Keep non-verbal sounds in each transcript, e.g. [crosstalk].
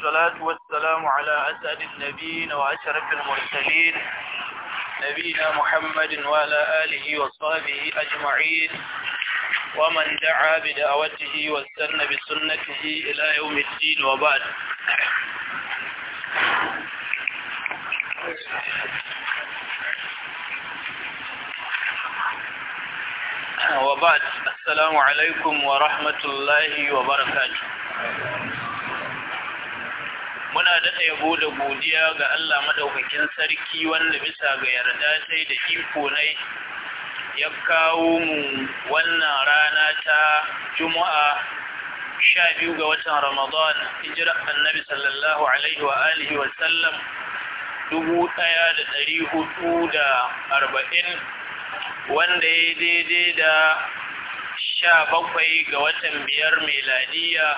والصلاة والسلام على أسعد النبيين وأشرف المرسلين نبينا محمد وعلى آله وصحبه أجمعين ومن دعا بدعوته واستنى بسنته إلى يوم الدين وبعد وبعد السلام عليكم ورحمة الله وبركاته muna daɗa yabo da godiya ga Allah maɗaukakin sarki wanda bisa ga yarda sai da iko nai ya kawo mu wannan rana ta Juma'a sha biyu ga watan Ramadan hijira annabi sallallahu alaihi wa alihi wa sallam dubu ɗaya da ɗari hudu da arba'in wanda ya daidai da sha bakwai ga watan biyar meladiya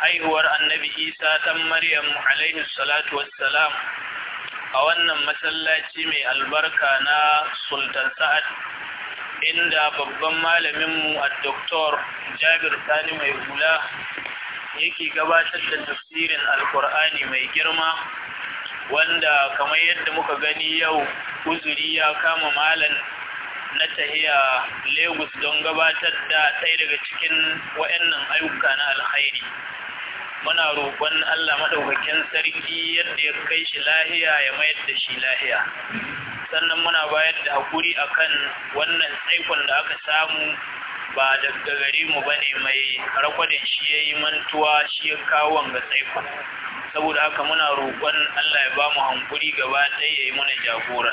haihuwar annabi isa ɗan maryam alaihi salatu wassalam a wannan masallaci mai albarka na sultan sa'ad inda babban malaminmu a doktor jabir sani mai hula yake gabatar da tafsirin alkur'ani mai girma wanda kamar yadda muka gani yau uzuri ya kama malam. na tahiya Lagos don gabatar da ɗaya daga cikin wa'annan ayyuka na alkhairi. Muna roƙon Allah maɗaukakin sarki yadda ya kai shi lahiya ya mayar da shi lahiya. Sannan muna bayar da haƙuri kan wannan tsaikon da aka samu ba daga gare mu bane mai rakwadin shi ya yi mantuwa shi ya kawo wanga tsaikon. Saboda haka muna roƙon Allah ya ba mu hankuri gaba ɗaya ya yi mana jagora.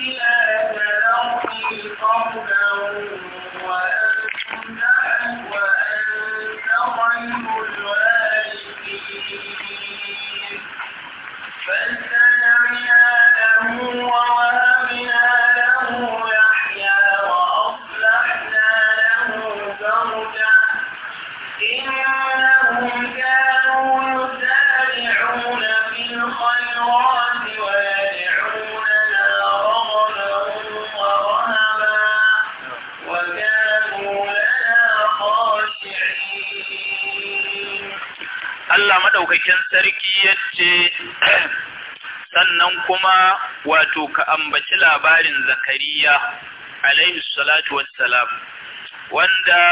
إلى maɗaukakin sarki ya ce sannan kuma wato ka ambaci labarin zakariya alaihi salatu wassalam wanda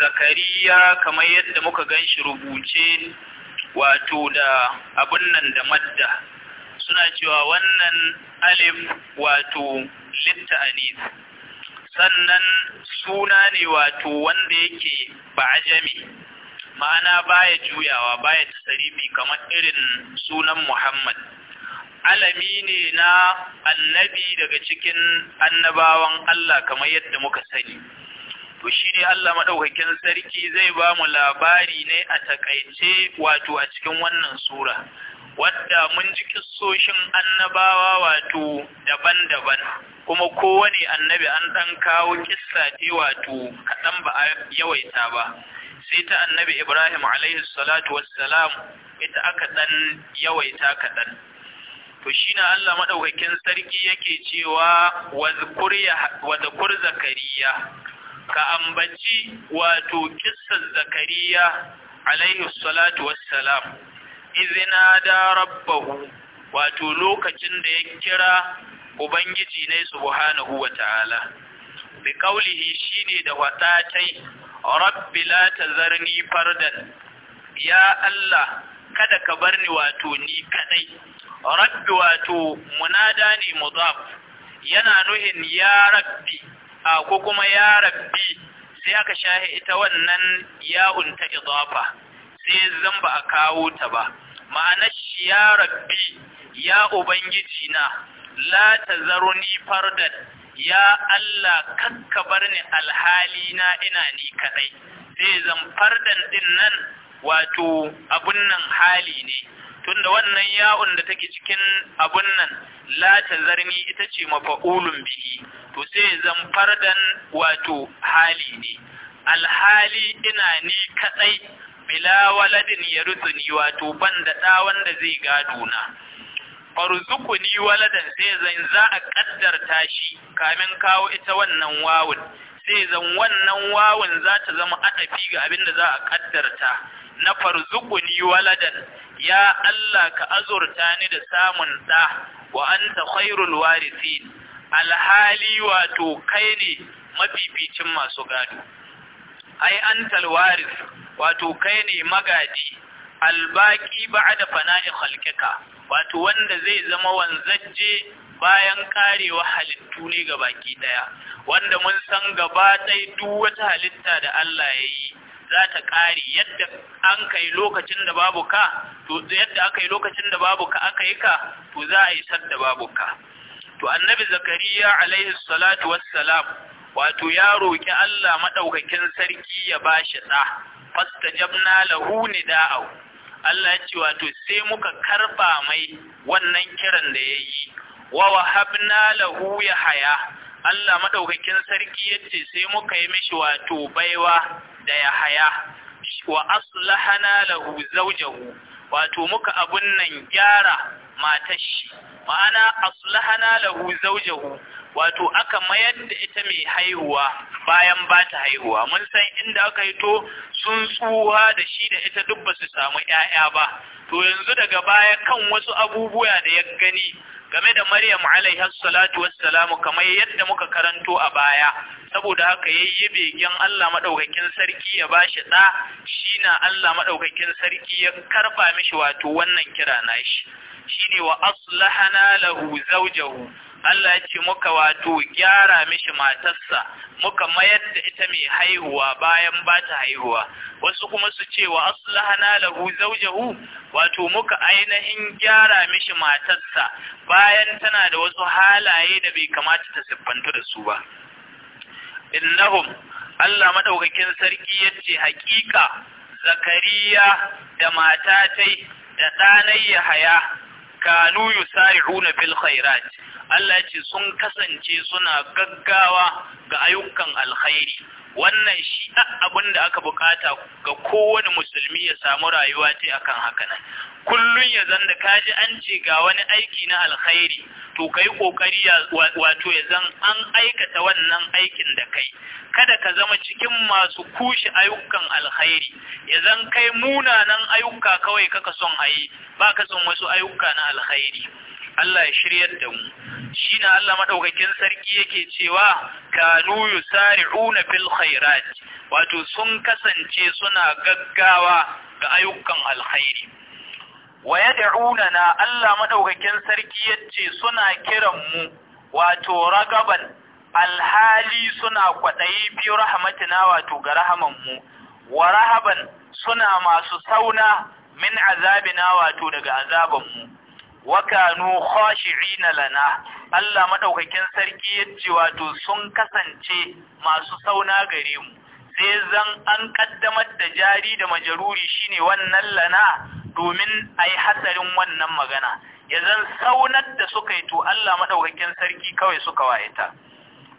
zakariya kamar yadda muka gan shi rubuce wato da abin nan da madda suna cewa wannan alif wato littani sannan suna ne wato wanda yake ba'ajami ma'ana baya juyawa baya tasarifi kamar irin sunan Muhammad alami ne na annabi daga cikin annabawan Allah kamar yadda muka sani to shi ne Allah maɗaukakin sarki zai ba mu labari ne a takaice wato a cikin wannan sura wadda mun ji kissoshin annabawa wato daban-daban kuma kowane annabi an ɗan kawo kissa wato kaɗan ba a yawaita ba sai ta annabi Ibrahim alaihi salatu wassalam ita aka dan yawaita kaɗan. To shi na Allah maɗaukakin sarki yake cewa wadkur zakariya, ka ambaci wato kissan zakariya alaihi salatu wassalam, izina da rabbahu wato lokacin da ya kira Ubangiji ne subhanahu wa ta'ala. bi shi shine da watatai rabbi la tazarni fardan ya Allah kada ka bar ni wato ni kadai rabbi wato munada ne mudaf yana nuhin ya rabbi a ko kuma ya rabbi sai aka shahi ita wannan ya'un ta idafa sai zan ba a kawo ta ba ma'anar shi ya rabbi ya ubangiji na la tazaruni fardan ya Allah kanka bar ni alhali na ina ni kadai sai zan fardan din nan wato abun nan hali ne tunda wannan yawon da take cikin abun nan la tazarni ita ce mafa'ulun bihi to sai zan fardan wato hali ne alhali ina ni kadai bila waladin ya wato ban da ɗa wanda zai gado na farzukuni waladan sai zan za a kaddarta shi kamin kawo ita wannan wawun sai zan wannan wawun za ta zama atafi ga abin da za a kaddarta na farzukuni waladan ya Allah ka azurta ni da samun da wa anta khairul warithin alhali wato kai ne mafificin masu gado ai antal waris wato kai ne magadi albaki ba'da fana'i khalqika wato wanda zai zama wanzacce bayan karewa halittu ne ga baki ɗaya, wanda mun san gaba ɗai duk wata halitta da Allah ya yi za ta ƙare yadda an kai lokacin da babu ka to yadda aka yi lokacin da babu ka aka yi ka to za a yi da babu ka to annabi zakariya alaihi salatu wassalam wato ya roki Allah maɗaukakin sarki ya bashi da fastajabna lahu nida'u Allah ya ce wato sai muka karba mai wannan kiran da ya yi wa wahabna lahu ya haya Allah maɗaukakin sarki yace sai muka yi mishi wato baiwa da ya haya wa aslahana lahu zaujahu. wato muka abun nan gyara matar shi ma'ana aslahana lahu zawjahu wato aka mayar da ita mai haihuwa bayan ba ta haihuwa mun san inda aka yi to sun tsuwa da shi da ita duk ba su samu ƴaƴa ba to yanzu daga baya kan wasu abubuwa da ya gani game da Maryam alaiha salatu wassalamu kamar yadda muka karanto a baya saboda haka yayi begen Allah madaukakin sarki ya bashi da na Allah madaukakin sarki ya karba mishi wato wannan kira nashi shine wa aslahana lahu zawjahu Allah ya ce muka wato gyara mishi matarsa muka mayar da ita mai haihuwa bayan ba ta haihuwa wasu kuma su ce wa aslahana lahu zawjahu wato muka ainihin gyara mishi matarsa bayan tana da wasu halaye da bai kamata ta siffantu da su ba innahum Allah madaukakin sarki yace hakika zakariya da matatai da ɗanai haya. kanu yusari'una bil khairat Allah ce sun kasance suna gaggawa ga ayyukan alkhairi wannan shi abin da aka bukata ga kowane musulmi ya samu rayuwa ce akan haka nan Kullum ya zan da kaji an ce ga wani aiki na alkhairi to kai kokari wato ya zan an aikata wannan aikin da kai kada ka zama cikin masu kushe ayyukan alkhairi ya zan kai munanan ayyuka kawai kaka son ayi ba ka son wasu ayyuka na alkhairi Allah ya shiryar da mu shi na Allah maɗaukakin sarki yake cewa kanu sari'una fil khairat wato sun kasance suna gaggawa ga ayyukan alkhairi wa yad'una na Allah maɗaukakin sarki yace suna kiran mu wato ragaban alhali suna kwaɗayi biyu rahmatina wato ga rahaman mu wa rahaban suna masu sauna min azabina wato daga azaban mu Wakanu, khashi'ina lana Allah madaukakin sarki yace wato sun kasance masu sauna gare mu sai zan an kaddamar da jari da majaruri shine wannan lana domin ai hasarin wannan magana ya zan saunar da suka yi to Allah madaukakin sarki kawai suka wayeta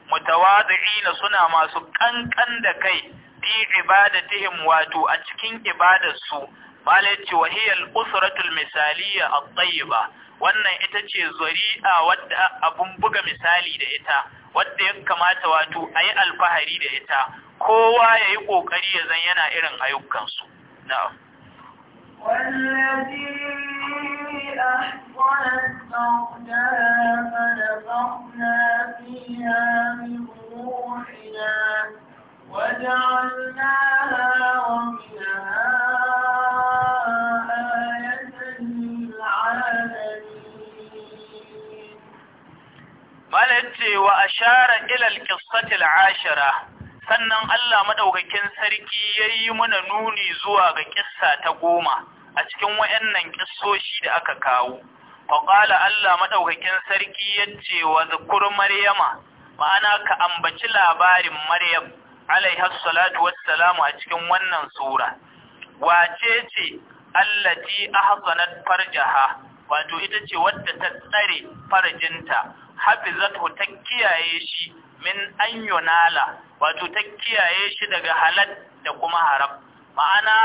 mutawadi'ina suna masu kankan da kai di ibadatihim wato a cikin ibadar su. malai ce wahiyar usratul misaliya a tsayiba wannan ita ce zuri'a wadda abun buga misali da ita wadda ya kamata wato a yi alfahari da ita kowa ya yi ƙoƙari ya zan yana irin ayyukansu na'am والذي أحضنت موتها فنفخنا فيها من روحنا وجعلناها ومنها آية للعالمين مالتي وأشار إلى sannan Allah madaukakin sarki yayi mana nuni zuwa ga kissa ta goma a cikin wayannan kissoshi da aka kawo faqala Allah madaukakin sarki yace wa zakur maryama ma'ana ka ambaci labarin maryam alaiha salatu wassalamu a cikin wannan sura wace ce allati ahsanat farjaha wato ita ce wadda ta tsare farjinta hafizatu ta kiyaye shi min an wato ta kiyaye shi daga halal da kuma haram ma'ana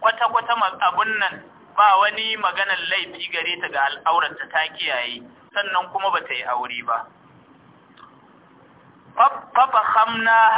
kwata-kwata abun nan ba wani maganar laifi gare ta ga al'aurarta ta kiyaye sannan kuma ba ta yi aure ba fafa hamna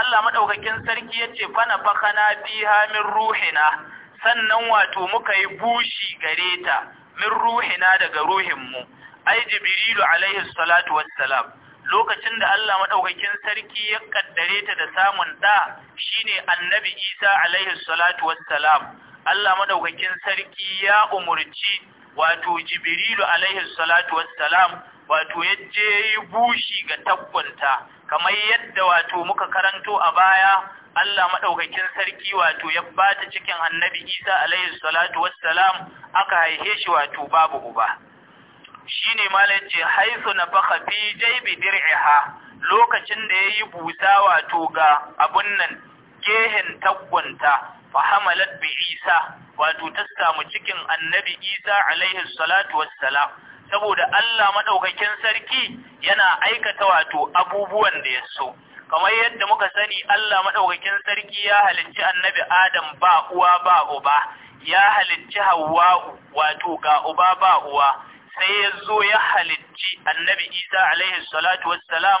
Allah maɗaukakin sarki ya ce fana fakana biha min ruhina sannan wato muka yi bushi gare ta min ruhina daga ruhinmu ai jibrilu alaihi salatu wassalam lokacin da Allah maɗaukakin sarki ya kaddare ta da samun ɗa shine annabi isa alaihi salatu wassalam Allah maɗaukakin sarki ya umurci wato jibrilu alaihi salatu wassalam wato ya je yi bushi ga tabbanta kamar yadda wato muka karanto a baya Allah maɗaukakin sarki wato ya bata cikin annabi Isa alaihi salatu wassalam aka haife shi wato babu uba shine malai ce haifu na fi jaibi dir'iha lokacin da yayi busa wato ga abun nan gehen tagwanta fa hamalat bi Isa wato ta samu cikin annabi Isa alaihi salatu wassalam saboda Allah madaukakin sarki yana aikata wato abubuwan da ya so kamar yadda muka sani Allah madaukakin sarki ya halicci annabi Adam ba uwa ba uba ya halicci Hawwa'u wato ga uba ba uwa sai ya zo ya halicci annabi Isa alaihi salatu wassalam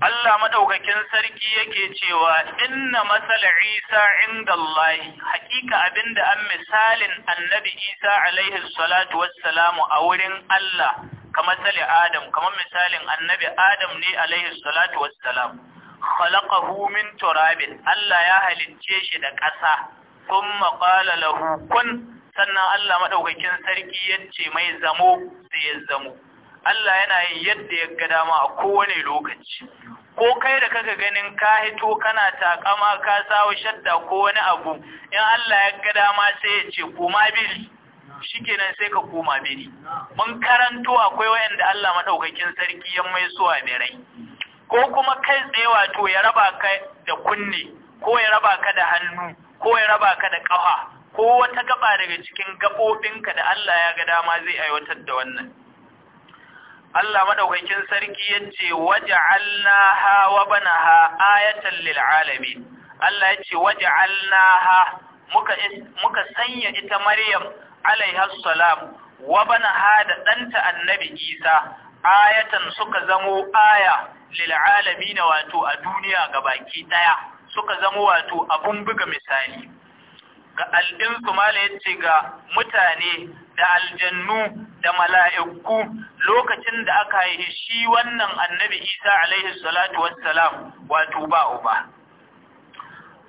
Allah maɗaukakin sarki yake cewa inna masal Isa inda Allah hakika abinda an misalin annabi Isa alaihi salatu wassalamu a wurin Allah ka sali Adam kamar misalin annabi Adam ne alaihi salatu wassalam khalaqahu min turabin Allah ya halicce shi da ƙasa thumma maƙala lahu kun sannan Allah maɗaukakin sarki yace mai zamo sai ya zamo Allah yana yin yadda ya ga dama a kowane lokaci ko kai da kaka ganin ka hito kana takama ka sawo shadda ko wani abu in Allah ya ga dama sai ya ce koma biri shikenan sai ka koma biri mun karanto akwai wayanda Allah maɗaukakin sarki ya mai suwa birai ko kuma kai tsaye wato ya raba ka da kunne ko ya raba ka da hannu ko ya raba ka da kafa ko wata gaba daga cikin gabobinka da Allah ya ga dama zai aiwatar da wannan Allah madaukakin sarki yace waja'alnaha wa banaha ayatan lil alamin Allah yace waja'alnaha muka muka sanya ita Maryam alaiha salam wa banaha da danta Annabi Isa ayatan suka zamo aya lil alamin wato a duniya gabaki daya suka zamo wato abun buga misali ga al'insu mala yace ga mutane da aljannu da mala'iku lokacin da aka yi shi wannan annabi isa alaihi salatu wassalam wato ba uba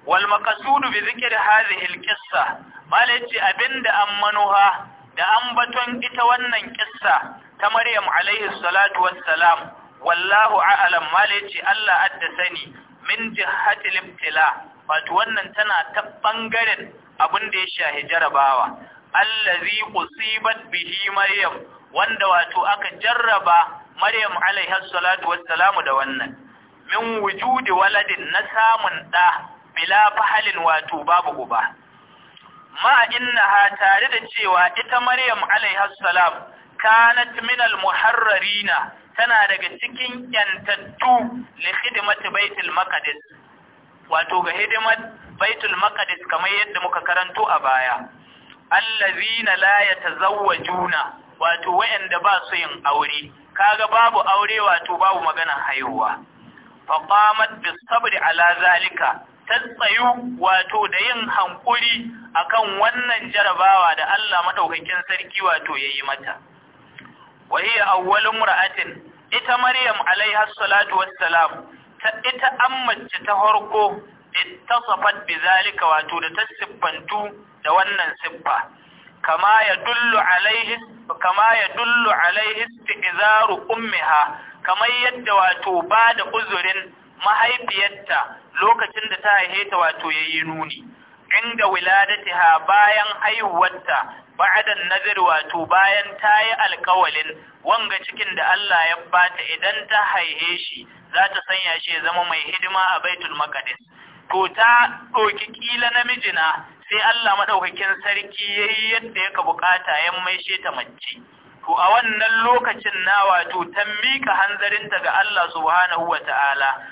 wal maqasudu bi zikri hadhihi qissa abinda an manuha da ambaton ita wannan kissa ta maryam alayhi salatu wassalam wallahu a'lam mala Allah adda sani min jihatil ibtila wato wannan tana ta bangaren abin da ya shahi jarabawa allazi qusibat bihi maryam wanda wato aka jarraba maryam alaiha salatu wassalamu da wannan min wujudi waladin na samun da bila fahalin wato babu uba ma innaha tare da cewa ita maryam alaiha salam kanat min Muharrarina tana daga cikin yantattu li khidmati baitul maqdis wato ga hidimar baitul maqdis kamar yadda muka karanto a baya allazina la juna. wato wayanda ba su yin aure kaga babu aure wato babu magana haihuwa qamat bis-sabri ala zalika tatsayu wato da yin hankuri akan wannan jarabawa da Allah madaukakin sarki wato yayi mata wa hiya awwalu imra'atin ita maryam alaiha salatu wassalam ita an mace ta harko ittasafat bi wato da ta siffantu da wannan siffa kama ya dullu alaihi kama ya ummiha kamar yadda wato ba da uzurin mahaifiyarta lokacin da ta haife ta wato yayi nuni inda ha bayan haihuwarta ba'adan nazir wato bayan ta yi alkawalin wanga cikin da Allah ya bata idan ta haihe shi za ta sanya shi ya zama mai hidima a baitul maqdis to ta ɗauki kila namijina sai Allah madaukakin sarki yayi yadda yaka bukata ya maishe ta mace to a wannan lokacin na wato ta mika hanzarinta ga Allah subhanahu Ta'ala.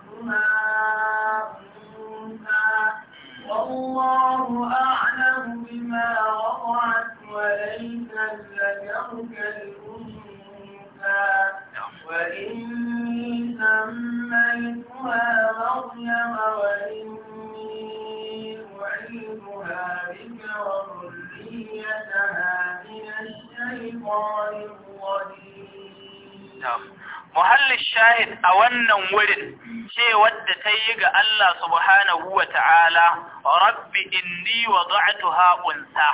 ما والله أعلم بما وضعت وليس الذكر كالأنثى وإني سميتها مريم وإني أعيدها بك وذريتها من الشيطان الرجيم muhallin shahid a wannan wurin cewar da ta yi ga Allah subhanahu wa ta'ala rabbi inni wa za'atuha unsa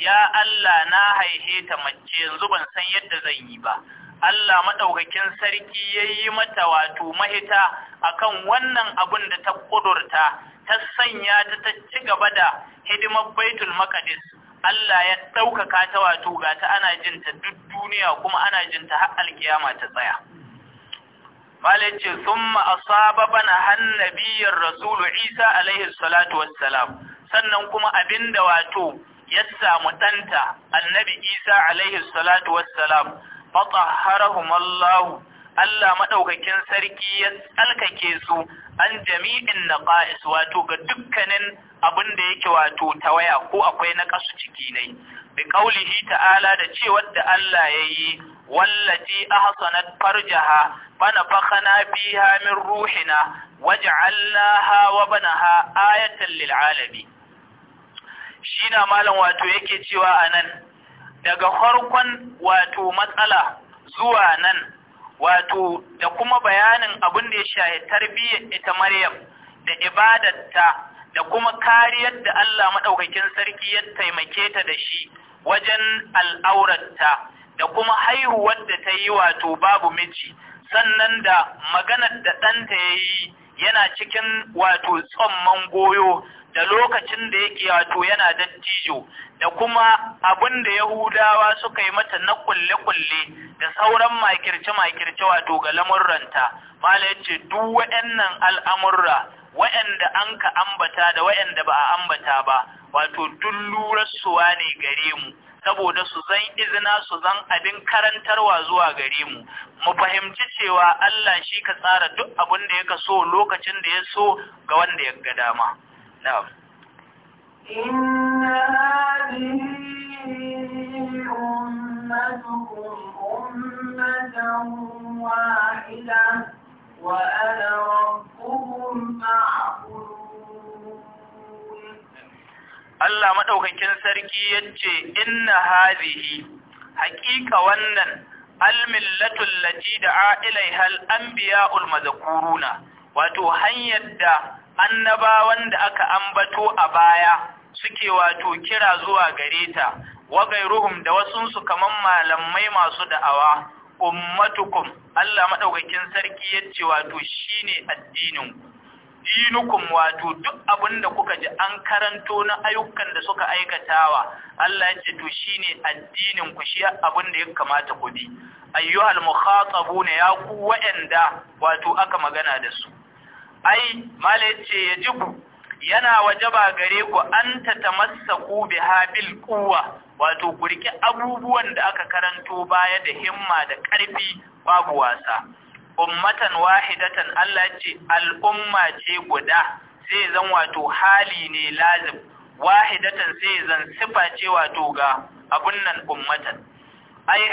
ya Allah na haihe ta mace yanzu ban san yadda zan yi ba Allah maɗaukakin sarki ya yi mata wato mahita akan wannan abin da ta ƙudurta ta sanya ta ta ci gaba da hidimar baitul Allah ya ɗaukaka ta wato ga ta ana jinta duk duniya kuma ana jinta har alkiyama ta tsaya. Malin ce, Sun ma'asaba bana hannabiyar Rasulu Isa alaihi salatu wassalam, sannan kuma abin da wato ya samu ɗanta annabi Isa alaihi salatu wassalam, fataharahumallahu Allah maɗaukakin sarki ya tsalkake su an jami'in na ƙa'is wato ga dukkanin abin da yake wato ta waya ko akwai na ƙasu ciki ne. Bi ƙaulihi ta'ala da cewar da Allah ya yi, wallati ahsanat farjaha bana fakana biha min ruhina waj'alnaha wa ha ayatan lil Shi na malam wato yake cewa a nan daga farkon wato matsala zuwa nan wato da kuma bayanin abin da ya shaye tarbiyyar ita Maryam da ibadarta da kuma kariyar da Allah Maɗaukakin sarki ya taimake ta da shi wajen al'aurarta da kuma haihuwar da ta yi wato babu miji sannan da maganar da ɗanta ya yi yana cikin wato tsomman goyo da lokacin da yake wato yana dattijo da kuma abin da Yahudawa suka yi mata na kulle-kulle da sauran makirce-makirce wato ga lamurranta mala yace duk waɗannan al'amurra waɗanda an ka ambata da waɗanda ba a ambata ba wato duk lurarsuwa ne gare mu saboda su zan izina su zan abin karantarwa zuwa gare mu mu fahimci cewa Allah shi ka tsara duk abin da ya so lokacin da ya so ga wanda ya ga dama نعم إن هذه أمتكم أمة واحدة وأنا ربكم فاعبدون الله مدوكاكين سركي yace inna hadhihi haqiqa wannan almillatul lati da'a ilaiha al-anbiya'ul madhkuruna wato hanyar da annabawan da aka ambato a baya suke wato kira zuwa gare ta wa gairuhum da wasunsu kaman malamai masu da'awa ummatukum Allah madaukakin sarki yace wato shine addinin dinukum wato duk abinda kuka ji an karanto na ayyukan da suka aikatawa Allah yace to shine addinin ku shi abinda ya kamata ku bi ayyuhal mukhatabuna ya ku wa'anda wato aka magana da su ai mala ya ku. yana wajaba gare ku an ta tamassaku bi habil quwwa wato ku abubuwan da aka karanto baya da himma da karfi babu wasa ummatan wahidatan Allah ce al'umma ce guda sai zan wato hali ne lazim wahidatan sai zan sifa ce wato ga abun nan ummatan ai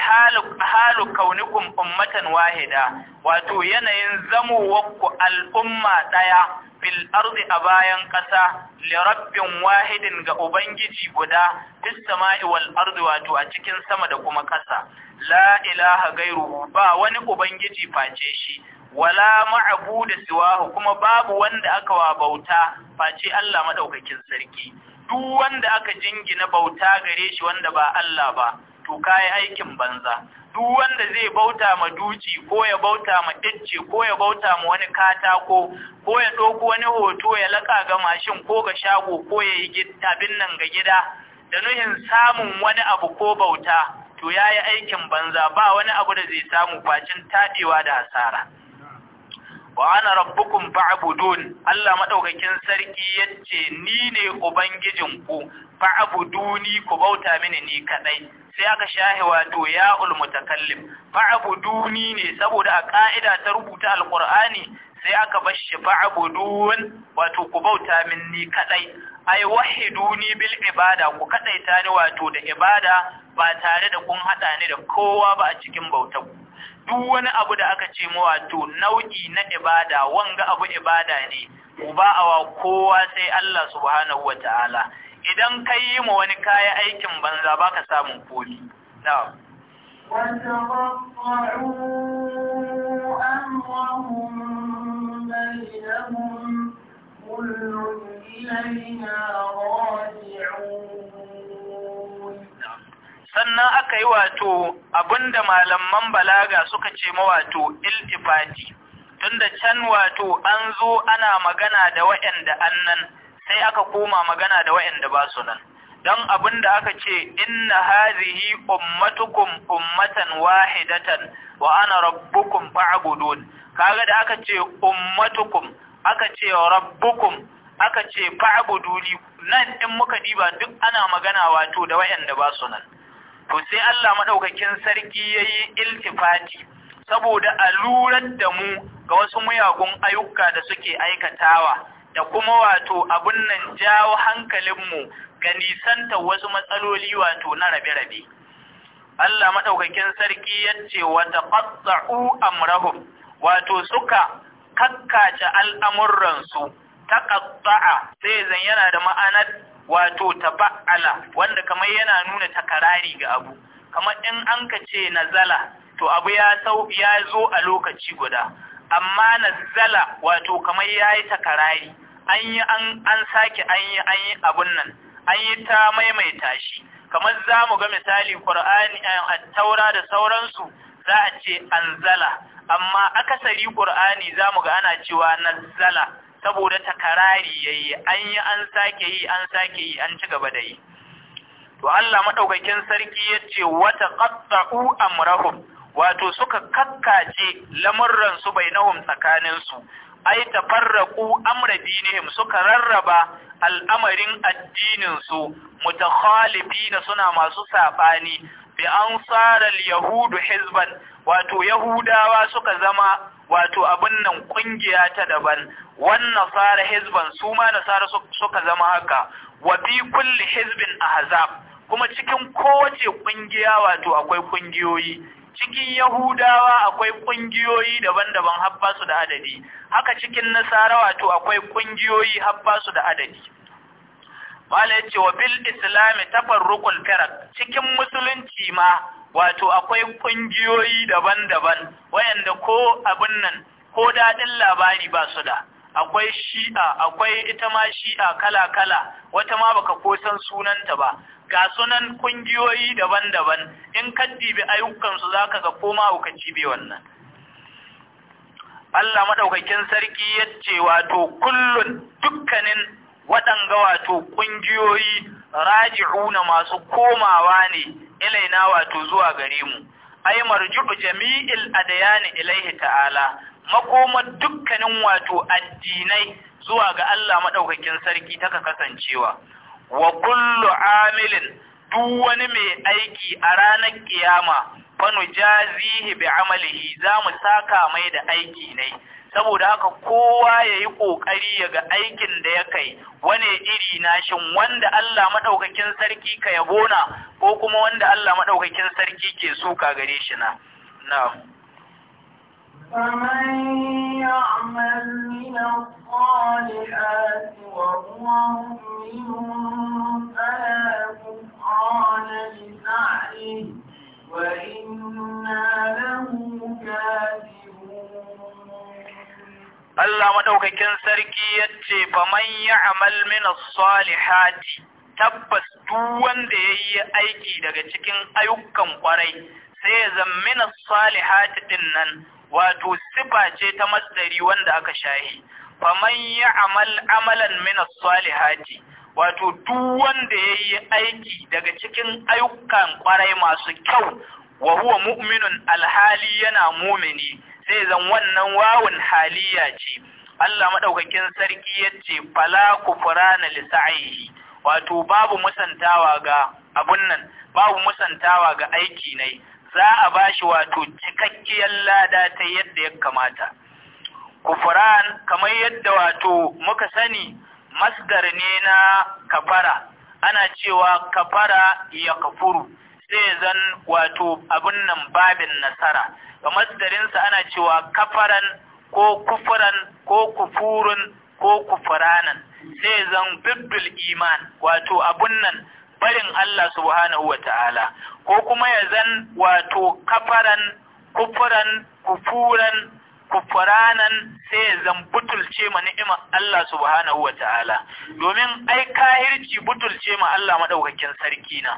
halu kaunikum ummatan wahida wato yanayin zamowarku al'umma ɗaya fil ardi a bayan ƙasa li rabbin wahidin ga ubangiji guda fis sama'i wal ardi wato a cikin sama da kuma ƙasa la ilaha gairu ba wani ubangiji face shi wala ma'budu siwahu kuma babu wanda aka wa bauta face Allah madaukakin sarki duk wanda aka jingina bauta gare shi wanda ba Allah ba to kayi aikin banza duk wanda zai bauta ma duci ko ya bauta ma icce ko ya bauta ma wani katako ko ya ɗauko wani hoto ya laƙa ga mashin ko ga shago ko ya yi abin nan ga gida da nuhin samun wani abu ko bauta to ya yi aikin banza ba wani abu da zai samu bacin taɗewa da hasara wa ana rabbukum fa'budun Allah maɗaukakin sarki yace ni ne ubangijin ku fa'buduni ku bauta mini ni kaɗai sai aka shahi wato ya ul mutakallim fa'buduni ne saboda a ka'ida ta rubuta alqur'ani sai aka bar shi fa'budun wato ku bauta min ni kadai ai wahiduni bil ibada ku kadaita ni wato da ibada ba tare da kun hada ni da kowa ba a cikin bautar duk wani abu da aka ce mu wato nau'i na ibada wanga abu ibada ne ku uba awa kowa sai Allah subhanahu wataala idan kai yi mu wani kaya aikin banza baka samun komi na'am وتقطعوا أمرهم sannan aka yi wato abinda malaman balaga suka ce mawato iltifati tunda can wato an zo ana magana da wa'anda annan sai aka koma magana da wa'anda ba su nan don abin da aka ce inna hazihi ummatukum ummatan wahidatan wa ana rabbukum fa'budun kaga da aka ce ummatukum aka ce rabbukum aka ce fa'buduni nan in muka diba duk ana magana wato da wayanda ba su nan to sai Allah madaukakin sarki yayi iltifati saboda alurar da mu ga wasu muyagun ayyuka da suke aikatawa da kuma wato abun nan jawo hankalinmu ga nisanta wasu matsaloli wato na rabe-rabe. Allah maɗaukakin sarki ya ce wata ƙasa'u amrahum wato suka kakkace al'amuransu ta ƙasa'a sai zan yana da ma'anar wato ta ba'ala wanda kamar yana nuna takarari ga abu, kamar in an ka ce nazala to abu ya zo a lokaci guda. amma nazzala wato kamar yayi takarari an yi an sake an yi an yi abun nan an yi ta maimaita shi kamar za mu ga misali ƙur'ani eh, a taura da sauransu za a ce an anzala amma akasari ƙur'ani, za mu ga ana cewa nazzala saboda takarari ya yi, an yi an sake yi an sake yi an ci gaba da yi to Allah maɗaukakin sarki ya yace wata taqatta'u amrahum wato suka kakkace lamurransu bainahum tsakaninsu ai tafarraqu amra dinihim suka rarraba al'amarin addinin su mutakhalifina suna masu sabani bi ansar al-yahud hizban wato yahudawa suka zama wato abin nan kungiya ta daban wannan sara hizban su ma nasara suka zama haka wa bi kulli hizbin ahzab kuma cikin kowace kungiya wato akwai kungiyoyi cikin Yahudawa akwai ƙungiyoyi daban-daban habbasu da adadi, haka cikin Nasara wato akwai ƙungiyoyi habbasu da adadi. Mala ya ce wa bil Islami tafarrukul firak cikin musulunci ma wato akwai ƙungiyoyi daban-daban wayanda ko abin nan ko daɗin labari ba su da. akwai shi'a akwai ita ma shi'a kala-kala wata ma baka kosan sunanta ba ga sunan kungiyoyi daban-daban in bi ayyukansu za ka ga koma uka cibe wannan Allah maɗaukakin sarki ya ce wato kullun dukkanin waɗanga wato kungiyoyi raji'una masu komawa ne ilaina wato zuwa gare mu ai marju'u jami'il dayani ilaihi ta'ala makoma dukkanin wato addinai zuwa ga Allah maɗaukakin sarki taka kasancewa wa kullu amilin duk wani mai aiki a ranar kiyama fanu jazihi bi amalihi za mu saka mai da aiki ne saboda haka kowa ya yi ƙoƙari ya ga aikin da ya kai wane iri nashin wanda Allah maɗaukakin sarki ka yabona ko kuma wanda Allah maɗaukakin sarki ke suka gare shi na. Na'am. فمن يعمل من Allah maɗaukakin sarki ya ce, "Faman ya amal salihati, tabbas duk wanda ya yi aiki daga cikin ayyukan ƙwarai, sai ya zammina salihati ɗin nan, wato sifa ce ta masdari wanda aka shahi faman ya amal amalan min salihati wato duk wanda yayi aiki daga cikin ayyukan kwarai masu kyau wa huwa mu'minun alhali yana mu'mini sai zan wannan wawun haliya ce Allah madaukakin sarki yace fala kufrana li sa'ihi wato babu musantawa ga abun nan babu musantawa ga aiki nai za a ba shi wato cikakkiyar lada ta yadda ya kamata Kufuran kamar yadda wato muka sani masdar ne na kafara ana cewa kafara ya kafuru sai zan wato abin nan babin nasara ga masdarinsa ana cewa kafaran ko kufuran ko kufurun ko kufuranan sai zan biddul iman wato abin nan barin Allah subhanahu wa ta'ala, ko kuma ya zan wato kafaran, kufuran, kufuran, kufuranan sai ya zan butulce ma ni'imar Allah subhanahu wa ta'ala, domin ai kahirci butulce ma Allah maɗaukakin sarki na,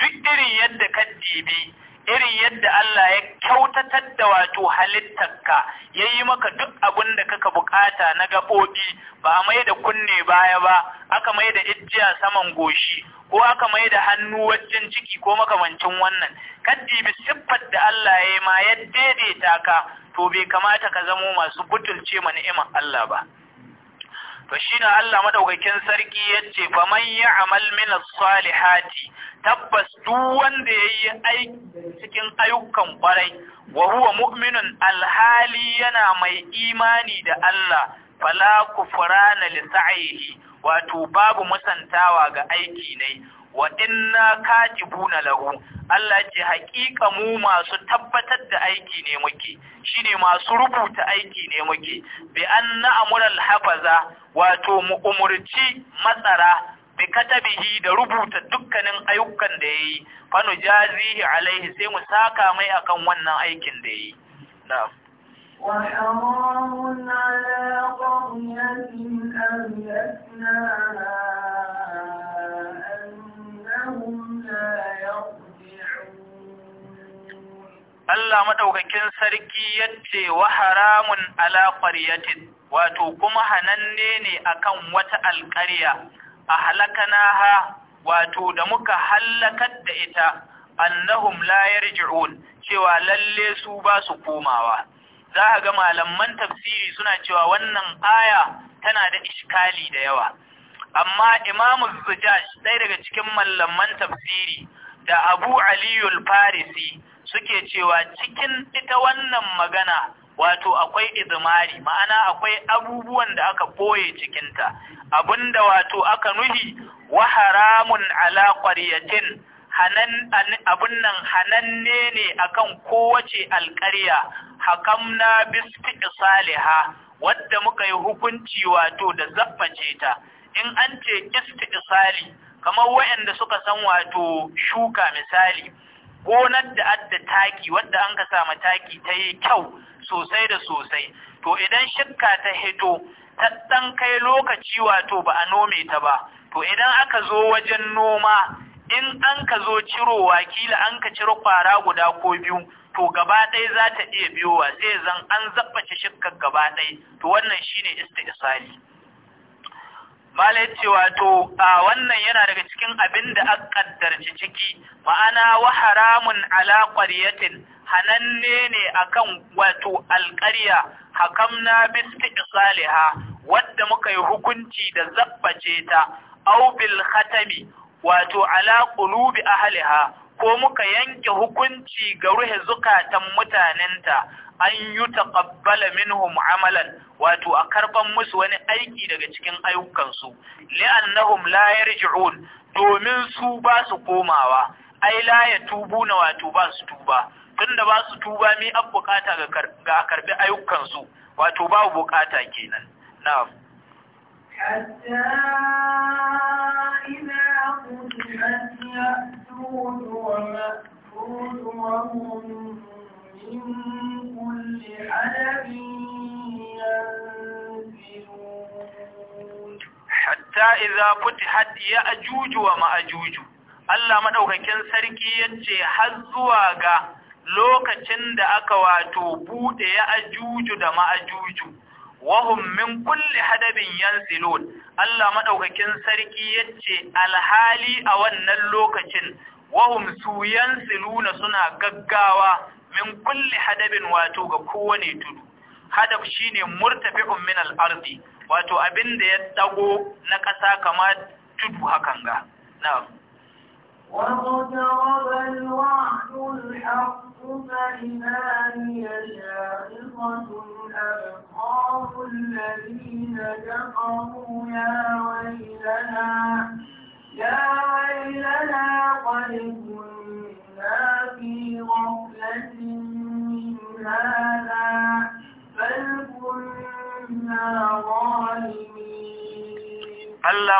duk irin yadda ka dibi irin yadda Allah ya kyautatar da wato halittarka ya yi maka duk abin da kaka bukata na gaɓoɓi ba a mai da kunne baya ba aka mai da ijiya saman goshi ko aka mai da hannu wajen ciki ko makamancin wannan kaddi bi siffar da Allah ya ma ya daidaita ka to bai kamata ka zamo masu butulce ma ni'imar Allah ba to shine Allah madaukakin sarki yace faman ya'mal min as-salihati tabbas duk wanda yayi aiki cikin ayyukan kwarai wa huwa mu'minun alhali yana mai imani da Allah fala kufrana li sa'ihi wato babu musantawa ga aiki ne wa inna katibuna lahu Allah ce haƙiƙa mu masu tabbatar da aiki ne muke shine masu rubuta aiki ne muke bi anna amral hafaza wato mu umurci matsara bi katabihi da rubuta dukkanin ayyukan da yayi fa jazihi alaihi sai mu saka mai akan wannan aikin da yayi na'am Allah maɗaukakin sarki yace wa haramun ala qaryatin wato kuma hananne ne akan wata alƙarya, a halakanaha wato da muka hallakar da ita, annahum la yarji'un cewa lalle su ba su komawa. Za ga malaman tafsiri suna cewa wannan aya tana da iskali da yawa. amma imamu zujaj ɗaya daga cikin mallaman tafsiri da abu aliyul farisi suke cewa cikin ita wannan magana wato akwai izmari ma'ana akwai abubuwan da aka ɓoye cikinta abinda wato aka nuhi wa haramun ala ƙwaryatin abin nan hananne ne akan kowace alƙarya hakamna bisti isaliha wadda muka yi hukunci wato da zabbace ta in an ce istisali kamar waɗanda suka san wato shuka misali gonar da adda taki wadda an ka sama taki ta yi kyau sosai da sosai to idan shirka ta hito ta ɗan kai lokaci wato ba a nome ta ba to idan aka zo wajen noma in an ka zo ciro kila an ka ciro kwara guda ko biyu to gaba ɗaya za ta iya biyowa sai zan an zaɓace shirkar gaba ɗaya to wannan shine istisali malai ce wato a wannan yana daga cikin abin da aka kaddarci ciki ma'ana wa haramun ala qaryatin hananne ne akan wato alƙarya hakamna bi istiqsaliha wadda muka yi hukunci da zabbace ta aw bil khatami wato ala qulubi ahliha ko muka yanke hukunci ga ruhe zukatan mutanenta an yi taƙabbala minhum amalan wato a karban musu wani aiki daga cikin ayyukansu li'annahum la yarji'un domin su ba su komawa ai la ya tubu na wato ba su tuba tunda ba su tuba mi an bukata ga karbi ayyukansu wato babu bukata kenan na'am hatta بحلب ينزلون حتى إذا فتحت يأجوج ومأجوج Allah maɗaukakin sarki yace har zuwa ga lokacin da aka wato buɗe ya ajuju da ma'ajuju, wahum min kulli hadabin yansilon, Allah maɗaukakin sarki yace alhali a wannan lokacin, wahum su yansiluna suna gaggawa min kulli hadabin wato ga kowane tudu hadab shine murtafi'un min al-ardi wato abin da ya dago na ƙasa kama tudu hakan ga na'am واقترب الوعد الحق Allah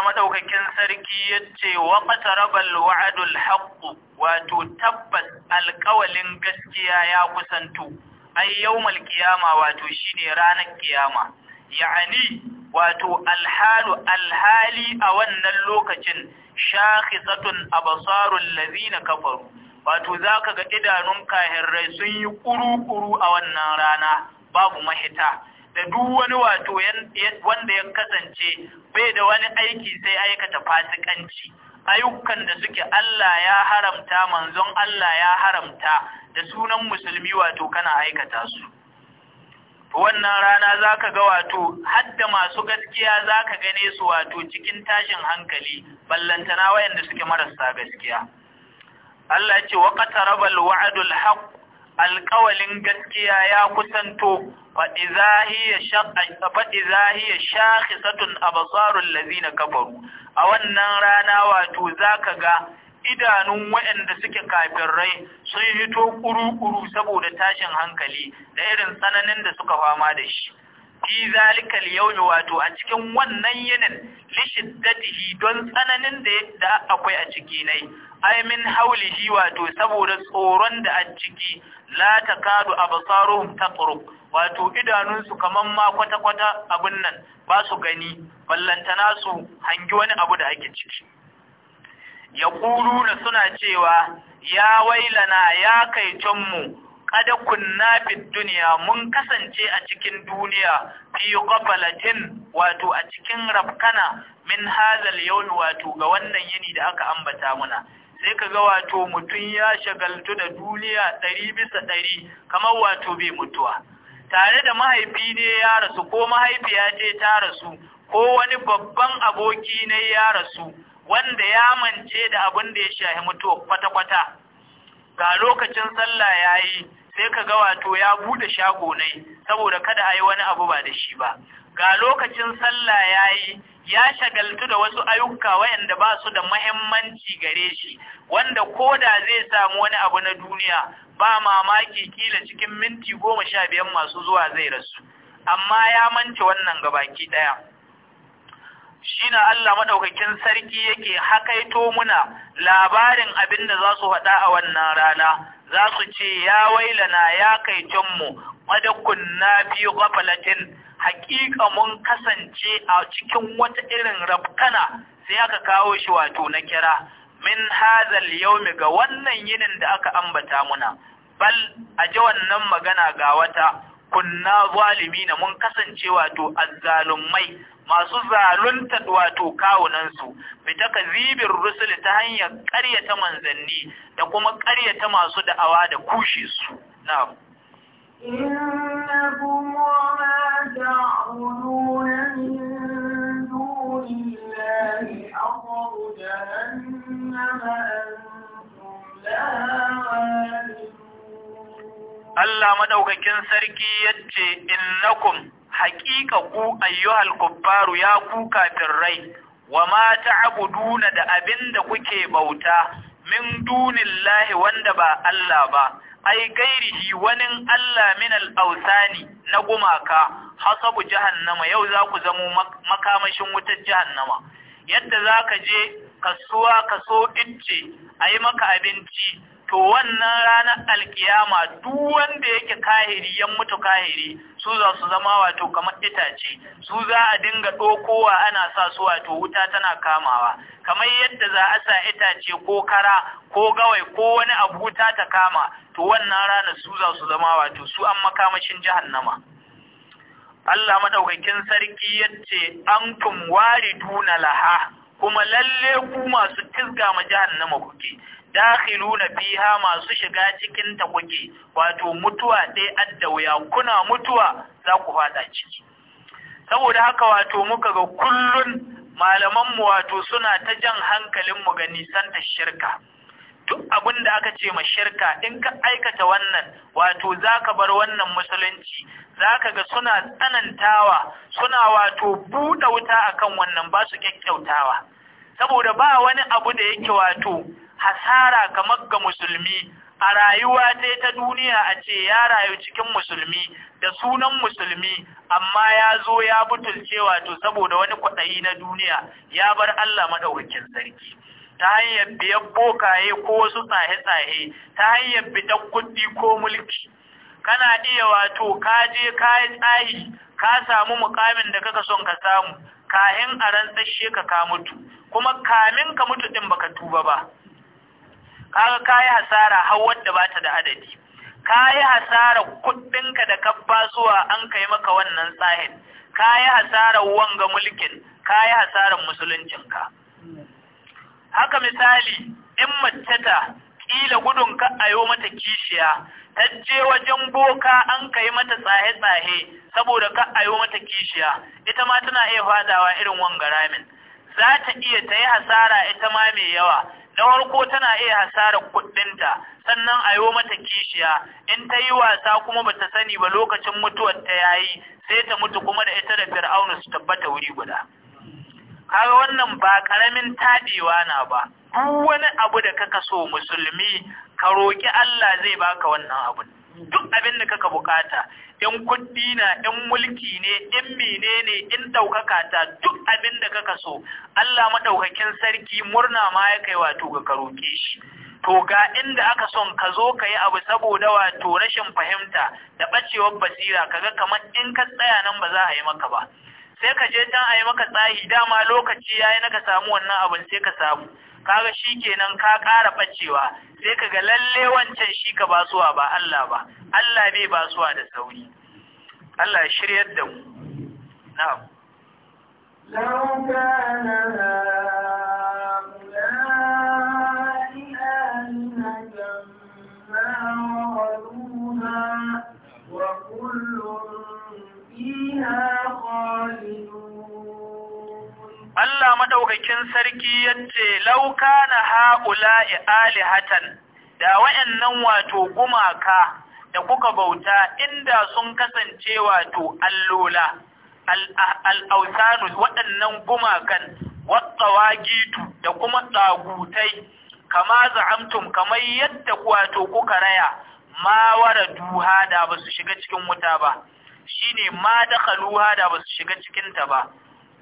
maɗaukakin sarki ya ce, Waƙa tarabar wa’adul haƙƙu, wato tabbas alkawalin gaskiya ya kusantu ai, yau malkiyama wato shi ne ranar kiyama, ya’ani wato alhalu alhali a wannan lokacin sha-kisatun a basarun lazi kafaru. wato za ka ga idanun kahirrai sun yi kuru-kuru a wannan rana babu mahita da duk wani wato wanda ya kasance bai da wani aiki sai aikata fasikanci ayyukan da suke Allah ya haramta manzon Allah ya haramta da sunan musulmi wato kana aikata su wannan rana za ka ga wato hadda masu gaskiya za ka gane su wato cikin tashin hankali ballantana wayanda suke marasa gaskiya Allah ce wa qataraba alwa'du alhaq alqawlin gaskiya ya kusanto fa idza hiya shaqqa fa idza shakhisatun kafaru a wannan rana wato zaka ga idanun waɗanda suke rai sun fito kuru-kuru saboda tashin hankali da irin tsananin da suka fama da shi fi zalika al wato a cikin wannan yinin li shiddatihi don tsananin da da akwai a ciki nai ay min haulihi wato saboda tsoron da a ciki la takadu absaruhum taqrub wato idanunsu kaman ma kwata kwata abun nan ba su gani ballantana su hangi wani abu da ake ciki yaquluna suna cewa ya wailana ya kai mu kada kunna fi duniya mun kasance a cikin duniya fi qabalatin wato a cikin rafkana min hadal yawm wato ga wannan yini da aka ambata muna sai kaga wato mutun ya shagaltu da duniya 100 bisa 100 kamar wato bai mutuwa tare da mahaifi ne ya rasu ko mahaifiya ce ta rasu ko wani babban aboki ne ya rasu wanda ya mance da abin da ya shahi mutuwa kwata-kwata ga lokacin sallah yayi sai ka ga wato ya buɗe shago ne saboda kada a yi wani abu ba da shi ba ga lokacin sallah ya yi ya shagaltu da wasu ayyuka wayanda ba su da mahimmanci gare shi wanda ko da zai samu wani abu na duniya ba mamaki kila cikin minti goma sha biyan masu zuwa zai rasu amma ya mance wannan gabaki ɗaya shi na Allah maɗaukakin sarki yake hakaito muna labarin abin da za su haɗa a wannan rana za su ce ya wailana ya kai mu madakun na biyu gafalatin hakika mun kasance a cikin wata irin rafkana sai aka kawo shi wato na kira min hazal yaumi ga wannan yinin da aka ambata muna bal a ji wannan magana ga wata kunna zalimi na mun kasance wato azzalumai masu zalunta wato kawunansu bi kazibin rusuli ta hanyar ƙaryata manzanni da kuma ƙaryata masu da'awa da kushe su na'am innakum ma ni Allah madaukakin sarki yace innakum haqiqa ku ayyuhal kuffaru ya ku rai? wa ma ta'buduna da abinda kuke bauta min dunillahi wanda ba Allah ba ai gairihi wani Allah min al-ausani na gumaka hasabu jahannama yau za ku zamo makamashin wutar jahannama yadda za ka je kasuwa kaso ince ayi maka abinci to wannan ranar alkiyama duk wanda yake kahiri ya mutu kahiri su za su zama wato kamar itace su za a dinga ɗokowa ana sa su wato wuta tana kamawa kamar yadda za a sa itace ko kara ko gawai ko wani abu wuta ta kama to wannan ranar su za su zama wato su an makamashin jahannama Allah madaukakin sarki yace antum wariduna laha kuma lalle ku masu kisga ma jahannama kuke dakhiluna fiha masu shiga cikin ta kuke wato mutuwa dai adda wuya kuna mutuwa za ku fada ciki saboda haka wato muka ga kullun malaman mu wato suna ta jan hankalin mu ga nisan ta shirka duk abin da aka ce ma shirka in ka aikata wannan wato za ka bar wannan musulunci zaka ga suna tsanantawa suna wato buɗe wuta akan wannan ba su kyakkyautawa saboda ba wani abu da yake wato hasara kamar ga musulmi a rayuwa ta ta duniya a ce ya rayu cikin musulmi da sunan musulmi amma ya zo ya butulce wato saboda wani kwaɗayi na duniya ya bar Allah maɗaukakin sarki ta hanyar biyan bokaye ko wasu tsahe-tsahe ta hanyar bidan kuɗi ko mulki kana iya wato ka je ka yi tsahi ka samu mukamin da kaka son ka samu kahin a rantsashe ka ka mutu kuma kamin ka mutu ɗin baka tuba ba kaga yi hasara har ba ta da adadi ka yi hasara kuɗinka da ka zuwa an kai maka wannan tsahin ka yi hasara wanga mulkin ka yi hasarar musuluncinka haka misali in mace ta kila gudun ka ayo mata kishiya ta je wajen boka an kai mata tsahe-tsahe saboda ka ayo mata kishiya ita ma tana iya fadawa irin wanga ramin za ta iya ta yi hasara ita ma mai yawa na farko tana iya hasara kuɗinta sannan ayo mata kishiya in ta yi wasa kuma ba ta sani ba lokacin mutuwar ta yayi sai ta mutu kuma da ita da fir'aunu su tabbata wuri guda kaga wannan ba karamin taɗewa na ba duk wani abu da kaka so musulmi ka roƙi Allah zai baka wannan abun duk abin da kaka bukata in kuɗi na in mulki ne in ne, in ɗaukaka ta duk abin da kaka so Allah maɗaukakin sarki murna ma ya kai wato ga ka roƙe shi to ga inda aka son ka zo ka yi abu saboda wato rashin fahimta da ɓacewar basira kaga kamar in ka tsaya nan ba za a yi maka ba sai ka je can a maka tsayi dama lokaci ya yi na ka samu wannan abin sai ka samu kaga shi kenan ka ƙara ɓacewa sai ka ga lalle wancan shi ka basuwa ba Allah ba Allah bai basuwa da sauri Allah ya shiryar da mu na'am لو كان Allah madaukakin sarki yace lauka na haula'i alihatan da wayannan wato gumaka da kuka bauta inda sun kasance wato allola al awsanu waɗannan gumakan wattawagitu da kuma tsagutai kama za'amtum kamar yadda wato kuka raya ma wara duha da ba su shiga cikin wuta ba shine ma dakhaluha da ba shiga cikin ta ba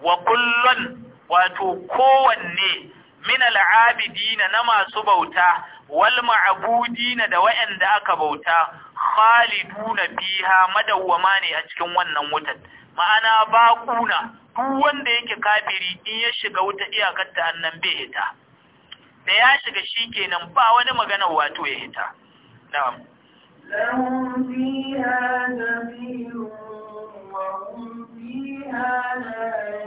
wa kullun wato kowanne min al'abidina na masu bauta wal ma'abudina da wa'anda aka bauta khaliduna fiha madawwama ne a cikin wannan wutan, ma'ana baquna duk wanda yake kafiri in ya shiga wuta iyakar ta annan bai hita da ya shiga kenan ba wani magana wato ya hita na'am lahum fiha nabiyun wa fiha la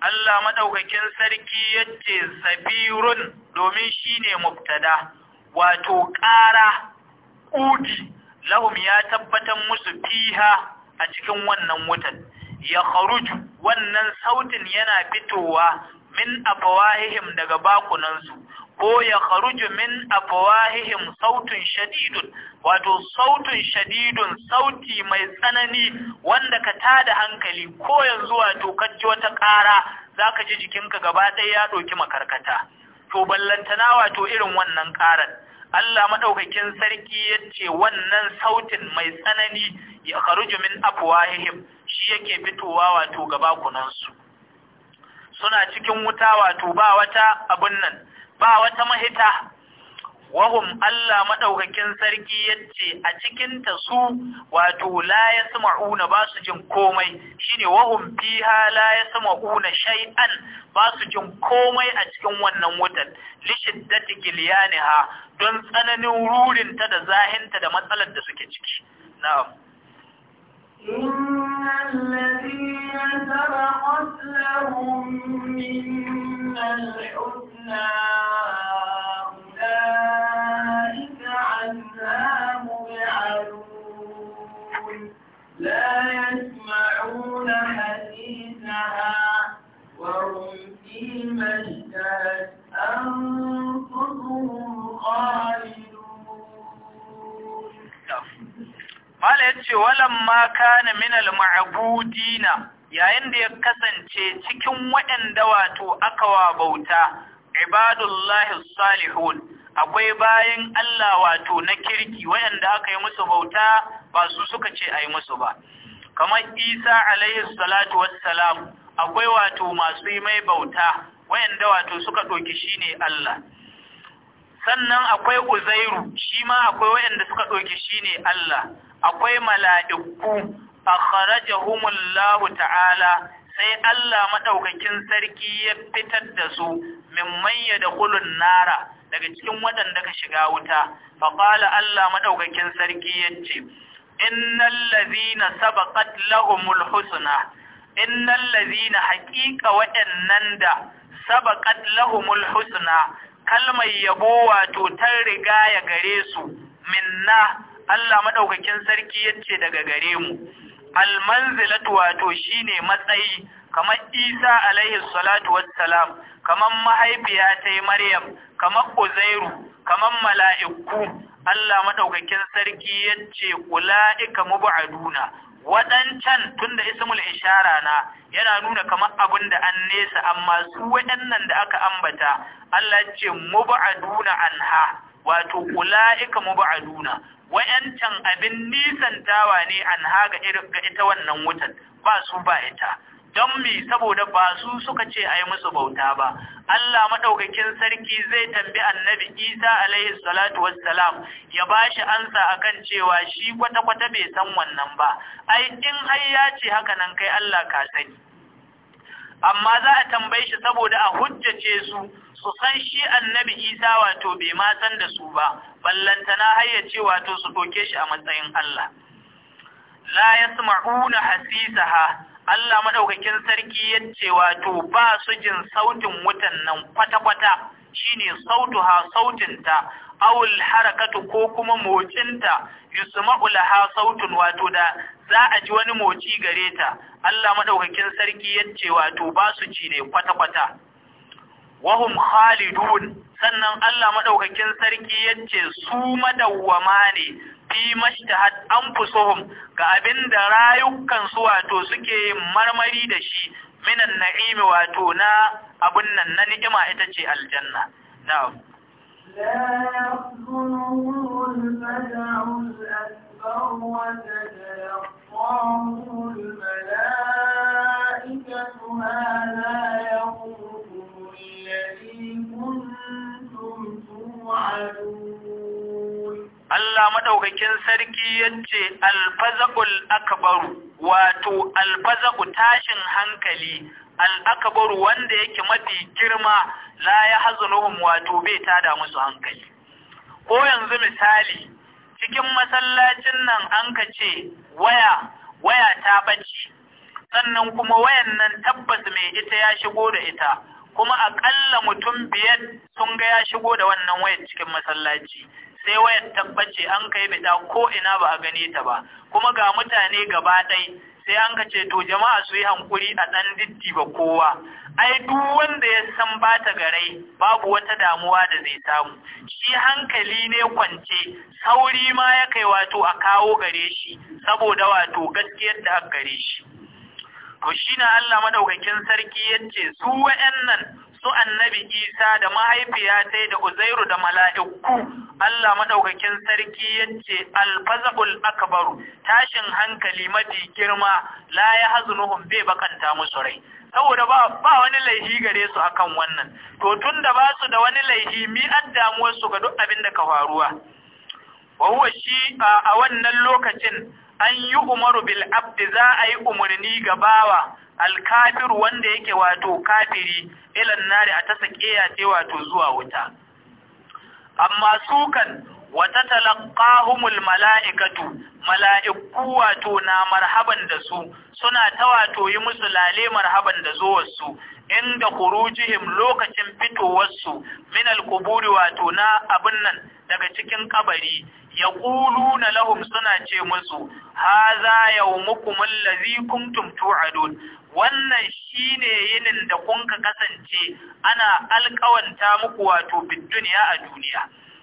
Allah madaukakin sarki ya yace sabirun domin shine mubtada wato ƙara ƙuti lahum ya tabbatar musu fiha a cikin wannan wutan ya kharuju wannan sautin yana fitowa min afwahihim daga bakunansu ko ya kharuju min afwahihim sautun shadidun wato sautun shadidun sauti mai tsanani wanda ka tada hankali ko yanzu wato kaji wata kara zaka ji jikinka gaba ɗaya ya ɗauki makarkata to ballantana wato irin wannan karar Allah madaukakin sarki yace wannan sautin mai tsanani ya kharuju min afwahihim shi yake fitowa wato gaba kunansu suna cikin wuta wato ba wata abun nan ba wata mahita wahum Allah madaukakin sarki yace a cikin ta su wato la yasma'una ba su jin komai shine wahum fiha la yasma'una shay'an ba su jin komai a cikin wannan wutan li shiddati kilyaniha don tsananin rurin ta da zahinta da matsalar da suke ciki na'am سبقت لهم منا الحسنى أولئك عنها مبعدون لا يسمعون حديثها وهم في اشتهت أنفسهم خالدون Mala ولما كان من المعبودين yayin da ya kasance cikin waɗanda wato aka wa bauta ibadullahi salihun akwai bayan Allah wato na kirki waɗanda aka yi musu bauta ba su suka ce a yi musu ba kamar isa alaihi salatu wassalam akwai wato masu yi mai bauta waɗanda wato suka ɗoki shi ne Allah sannan akwai uzairu shi ma akwai waɗanda suka ɗoki shi ne Allah akwai mala'iku akharajahumullahu ta'ala sai Allah madaukakin sarki ya fitar da su da kulun nara daga cikin waɗanda ka shiga wuta faqala Allah madaukakin sarki yace innal ladhina sabaqat lahumul husna innal ladhina haqiqa waɗannan da sabaqat lahumul husna kalmar yabo wato tan riga ya gare su minna Allah madaukakin sarki yace daga gare mu almanzilatu wato shine matsayi kamar Isa alaihi salatu wassalam kamar mahaifiya ta Maryam kamar Uzairu kamar mala'iku Allah madaukakin sarki yace ulaika mubaduna wadancan tunda ismul ishara na yana nuna kamar abin da an nesa amma su waɗannan da aka ambata Allah ce mubaduna anha wato ula'ika mubaduna wayancan abin nisan tawa ne an haga ga ita wannan wutan ba su ba ita don mi saboda ba su suka ce a yi musu bauta ba Allah maɗaukakin sarki zai tambi annabi Isa alaihi salatu wassalam ya ba shi ansa akan cewa shi kwata-kwata bai san wannan ba ai in har ya ce haka nan kai Allah ka sani amma za a tambaye shi saboda a hujjace su su san shi annabi isa wato bai ma da su ba ballantana hayyace wato su doke shi a matsayin Allah la yasma'una hasisaha Allah maɗaukakin sarki yace wato ba su jin sautin wutan nan kwata-kwata shine sautuha ta, awul harakatu ko kuma mocinta yusma'u laha sautun wato da za a ji wani moci gare ta Allah madaukakin sarki yace wato ba su ci ne kwata-kwata wahum khalidun sannan Allah madaukakin sarki yace su madawwama ne fi mashtahat anfusuhum ga abinda rayukan su wato suke marmari da shi minan na'imi wato na abun nan na ni'ima ita ce aljanna na'am لا يحزنهم الأكبر الملائكة Allah madaukakin sarki yace alfazaqul akbar wato alfazaqu tashin hankali al-akbar wanda yake mafi girma la ya hazunuhum wato bai tada musu hankali ko yanzu misali cikin masallacin nan an ka ce waya waya ta bace sannan kuma wayan nan tabbas mai ita ya shigo da ita kuma akalla mutum biyar sun ga ya shigo da wannan wayar cikin masallaci sai wayar tabbace an kai bida ko ina ba a gane ta ba kuma ga mutane gaba ɗai sai an ka ce to jama'a su yi hankuri a ɗan diddi ba kowa ai duk wanda ya san ba ta garai babu wata damuwa da zai samu shi hankali ne kwance sauri ma ya kai wato a kawo gare shi saboda wato gaskiyar da aka gare shi to shi na Allah madaukakin sarki yace su wa'annan su annabi Isa da mahaifiya da Uzairu da mala'iku Allah madaukakin sarki yace al-fazabul akbaru tashin hankali mafi girma la yahzunuhum bai bakanta musu rai saboda ba wani laifi gare su akan wannan to tunda ba su da wani laifi mi addamuwar su ga duk abin da ka faruwa wa huwa shi a wannan lokacin an yi umaru bil abdi za a yi umarni ga bawa alkafiru wanda yake wato kafiri ilan nari a tasa sakiya ce wato zuwa wuta amma sukan wata humul mala'ikatu mala'iku wato na marhaban da su suna ta wato yi musu lale marhaban da zuwarsu inda khurujihim lokacin fitowarsu min al wato na abin nan daga cikin kabari ya na lahum suna ce musu hadha yawmukum allazi kuntum tu'adun wannan shine yinin da kun ka kasance ana alkawanta muku wato bidduniya a duniya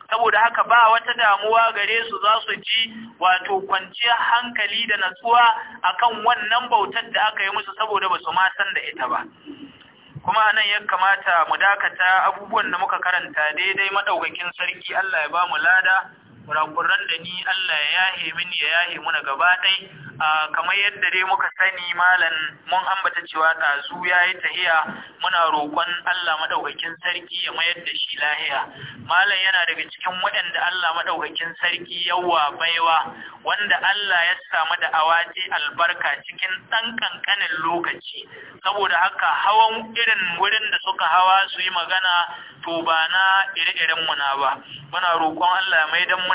saboda haka ba wata damuwa gare su za su ji wato kwanciyar hankali da natsuwa akan wannan bautar da aka yi musu saboda ba su ma san da ita ba kuma nan ya kamata mu dakata abubuwan da muka karanta daidai madaukakin sarki Allah ya ba mu lada kurakuran da ni Allah ya yahe mini ya yahe muna gaba ɗai kamar yadda dai muka sani malam mun ambata cewa ɗazu ya yi tahiya muna roƙon Allah maɗaukakin sarki ya mayar da shi lahiya malam yana daga cikin waɗanda Allah maɗaukakin sarki yawa baiwa wanda Allah ya samu da awace albarka cikin ɗan ƙanƙanin lokaci saboda haka hawan irin wurin da suka hawa su yi magana to ba na ire-iren muna ba muna roƙon Allah ya maidan mu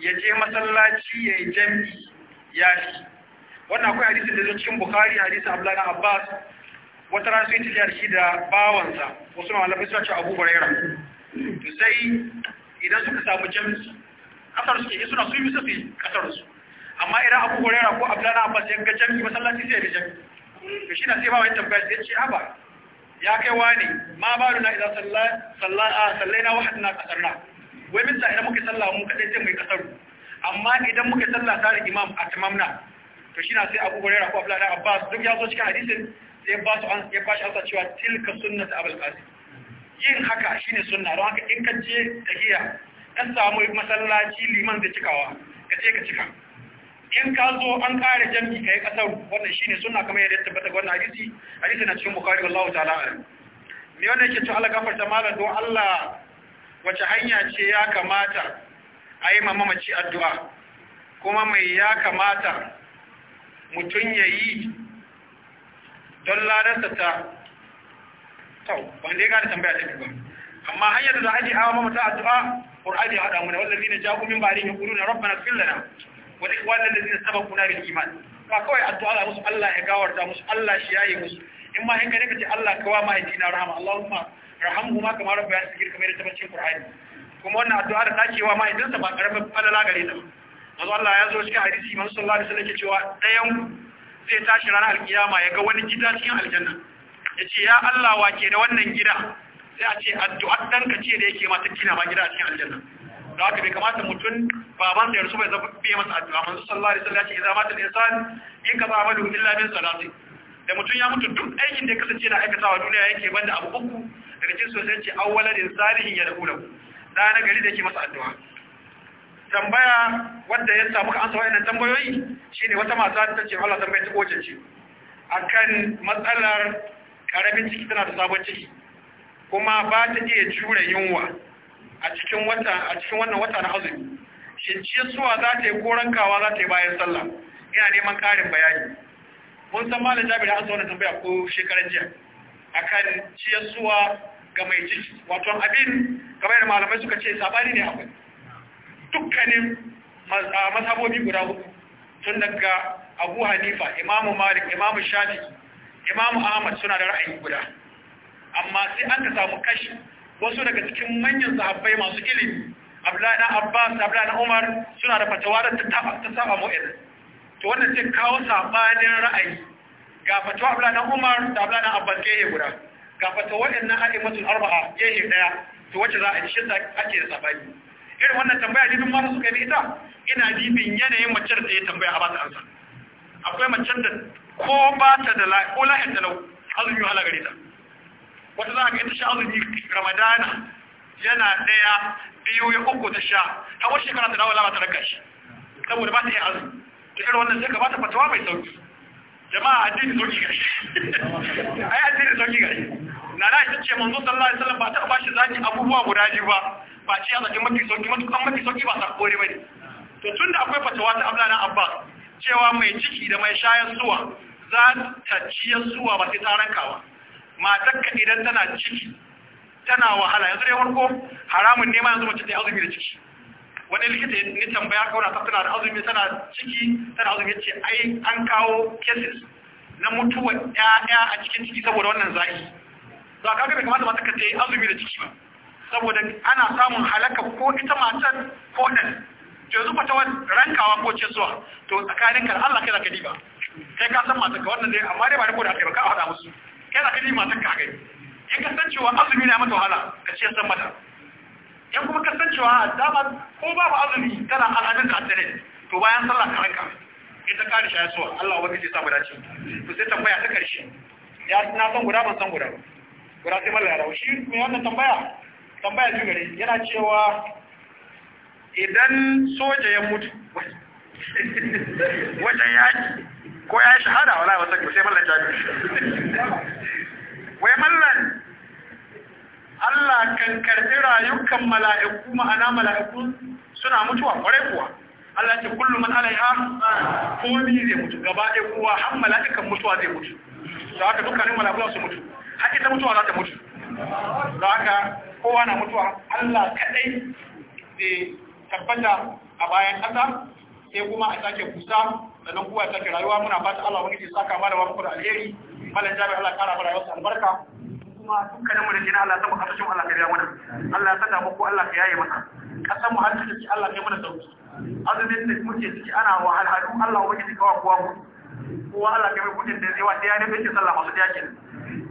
ya je masallaci ya yi jam'i ya shi wannan akwai hadisi da cikin bukari hadisi abdullahi abbas wata rasu yi tijiyar shi da bawansa wasu malamai suna ce abu barera to sai idan suka samu jam'i, kasar suke yi suna sun yi su kasar su amma idan abu barera ko abdullahi abbas ya ga jam'i, masallaci sai ya da jam'i. to shi na sai ba wani tambaya sai ce haba ya kai wani ma ba na idan na wahadina na. wai mista idan muka sallah mu kadai sai mu kasaru amma idan muka sallah tare imam a tamamna to shi na sai Abu Hurairah ko Abdullah Abbas duk ya zo cikin hadisin sai ba su an ya bashi shi ansa cewa tilka sunnatu Abul Qasim yin haka shine sunna don haka in ka je tahiya ka samu masallaci liman da cikawa ka je ka cika in ka zo an kare jami'i kai kasar wannan shine sunna kamar yadda tabbata wannan hadisi hadisi na cikin Bukhari wallahu ta'ala me wannan yake cewa Allah gafarta malam don Allah wace hanya ce ya kamata a yi mamaci addu'a kuma mai ya kamata mutum ya yi don ladarsa ta tau wanda ya gada tambaya ta ba. amma hanyar da haji hawa mamata addu'a ƙur'ani ya haɗa muna wallazi zina jago min bari ya ƙuru na rabbana fillana wani ikwanan da zina saba kuna bil iman ba kawai addu'a ga musu Allah ya gawarta musu Allah shi ya yi musu in ma in ka ne ka ce Allah kawa mahaifina rahama Allahumma rahamhu ma kamar rabbi ya sikir kamar ta bacin qur'ani kuma wannan addu'a da take wa mahaifinsa ba karamin falala gare ta ba Allah ya zo cikin hadisi Imam sallallahu alaihi wasallam cewa dayan zai tashi ranar alkiyama ya ga wani gida cikin aljanna yace ya Allah wa ke da wannan gida sai a ce addu'ar danka ce da yake mata kina ma gida a cikin aljanna da haka bai kamata mutum baban da yarsu bai zaba biye masa addu'a manzo sallallahu alaihi wasallam ya ce idza mata al-insan in ka zama illa min salati da mutum ya mutu duk aikin da ya kasance na aikatawa duniya yake banda abu uku daga cikin sosai ce da zalihin ya da'ula da na gari da yake masa addu'a tambaya wanda ya samu ka ansa wayannan tambayoyi shine wata mata ta ce Allah tambaye ta goce ce akan matsalar karamin ciki tana da sabon ciki kuma ba ta iya jure yunwa a cikin wannan wata na azumi shin ciyarwa za ta yi korankawa za ta yi bayan sallah ina neman karin bayani mun san malam jabir an zaune tambaya ko shekaran jiya A akan ciyarsuwa ga mai ciki wato abin kamar da malamai suka ce sabani ne akwai dukkanin masabobi guda hudu tun daga abu hanifa imamu malik imamu shafi imamu ahmad suna da ra'ayi guda amma sai an ka samu kashi wasu daga cikin manyan sahabbai masu ilimi abdullahi na abbas abdullahi na umar suna da fatawa da ta saba mu'ir to wannan zai kawo sabanin ra'ayi ga fatawa abulana umar da abulana abbas gehe guda ga fatawa waɗannan a'imatul arba'a gehe daya to wacce za a shi ake da sabani irin wannan tambaya ne duk mara suka yi ita ina dibin yanayin mace da ya tambaya a ba ta ansa akwai mace da ko ba ta da la ko lahin da azumi hala gare ta wata za a ga ita sha azumi ramadana yana daya biyu ya uku ta sha har wata shekara ta dawo lama ta raka shi saboda ba ta yi azumi da irin wannan sai ka bata fatawa mai sauki jama'a addini sauki ga [laughs] ai addini sauki ga shi na na ita ce manzo sallallahu alaihi wasallam ba ta bashi zaki abubuwa guda biyu ba ba ce ya zaki mafi sauki matukan mafi sauki ba sa kore bane to tunda akwai fatawa ta Abdullahi Abbas cewa mai ciki da mai shayar zuwa za ta ciyar zuwa ba sai ta rankawa matakka idan tana ciki tana wahala yanzu dai farko haramun ne ma yanzu mace ta azumi da ciki wani likita ya tambaya kauna ta tana da azumi tana ciki tana azumi ce ai an kawo cases na mutuwa ɗaya a cikin ciki saboda wannan zaki za ka ga kamata mata ka ta yi azumi da ciki ba saboda ana samun halaka ko ita matan ko to yanzu wani rankawa ko ce zuwa to tsakanin ka Allah kai di diba kai ka san matan ka wannan zai, amma dai ba da ko da kai ba ka hada musu kai ka diba matan ka gani in ka san cewa azumi na mata wahala ka ce san mata in kuma kasancewa dama ko babu azumi kana al'adun ka tare to bayan sallah ka ranka in ta kare shaya suwa Allah wanda ke sa mu dace to sai tambaya ta karshe ya na san guda ban san guda ba guda sai mallaka rawo shi me wannan tambaya tambaya ji gare yana cewa idan soja ya mutu [laughs] wajen yaki ko ya shahada wala wasa sai mallan jami'i [laughs] wai mallan Allah kan karɓi rayukan mala'iku ma'ana mala'iku suna mutuwa kwarai kuwa Allah ce kullum man alaiha komi zai mutu gaba ɗaya kuwa har mala'ikan mutuwa zai mutu da ka dukkanin mala'iku su mutu haƙi ta mutuwa za ta mutu da ka kowa na mutuwa Allah kaɗai zai tabbata a bayan ƙasa sai kuma a sake kusa sannan kuwa ya sake rayuwa muna fata Allah wani ke saka mana wa muku da alheri malam jami'a Allah kara mana wasu albarka dukkanin mu da jina Allah sabu kasashen Allah ka mana Allah ta damu ko Allah ka yaye mana kasan mu har ta ci Allah kai mana sauki azumin da muke ciki ana wahalhalu Allah ubangiji kawa kowa mu kowa Allah kai mai kudin da zai wa da bace sallah masu jakin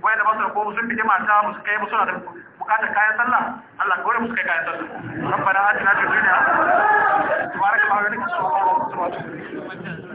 wai da masu ko sun bide mata musu kai musu da bukata kayan sallah Allah ka gore musu kai kayan sallah rabbana atina fid dunya tabaraka wa ta'ala subhanahu wa